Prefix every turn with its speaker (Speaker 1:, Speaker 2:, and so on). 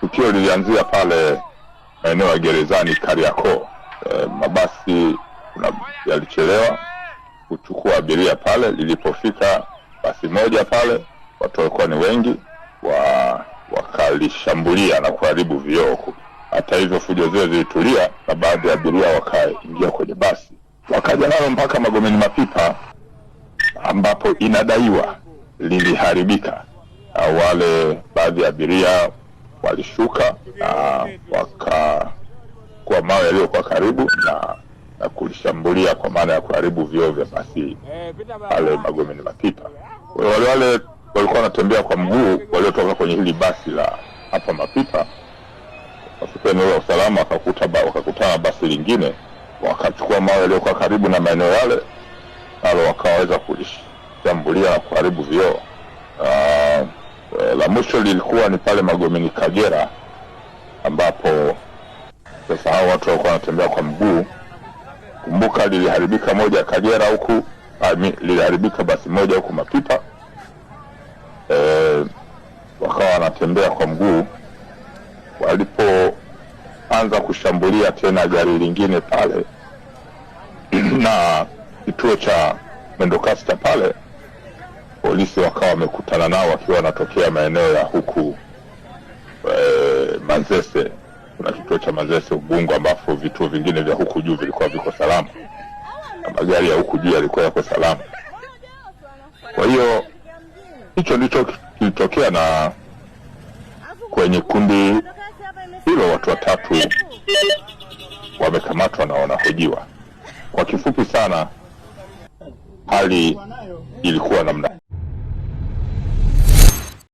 Speaker 1: Tukio lilianzia pale maeneo ya gerezani Kariakoo. E, mabasi yalichelewa kuchukua abiria pale. Lilipofika basi moja pale, watu walikuwa ni wengi wa, wakalishambulia na kuharibu vioo. Hata hivyo fujo zile zilitulia na baadhi ya abiria wakaingia kwenye basi wakaja nalo mpaka Magomeni Mapipa ambapo inadaiwa liliharibika. Wale baadhi ya abiria walishuka na wakakuwa mawe yaliyokuwa karibu na, na kulishambulia kwa maana ya kuharibu vioo vya basi pale Magomeni Mapipa. Wale wale walikuwa wanatembea kwa mguu waliotoka kwenye hili basi la hapa Mapipa, afisa eneo la usalama wakakutana basi lingine, wakachukua mawe yaliyokuwa karibu na maeneo yale, nalo wakaweza kulishambulia na kuharibu vioo la mwisho lilikuwa ni pale Magomeni Kagera, ambapo sasa hao watu walikuwa wanatembea kwa mguu. Kumbuka liliharibika moja Kagera huku liliharibika basi moja huku Mapipa e, wakawa wanatembea kwa mguu. Walipoanza kushambulia tena gari lingine pale na kituo cha mwendokasi cha pale polisi wakawa wamekutana nao wakiwa wanatokea maeneo ya huku e, Mazese. Kuna kituo cha Mazese Ubungo, ambapo vituo vingine vya huku juu vilikuwa viko salama na magari ya huku juu yalikuwa yako salama. Kwa hiyo hicho ndicho kilitokea, na kwenye kundi hilo watu watatu wamekamatwa na wanahojiwa. Kwa kifupi sana, hali ilikuwa namna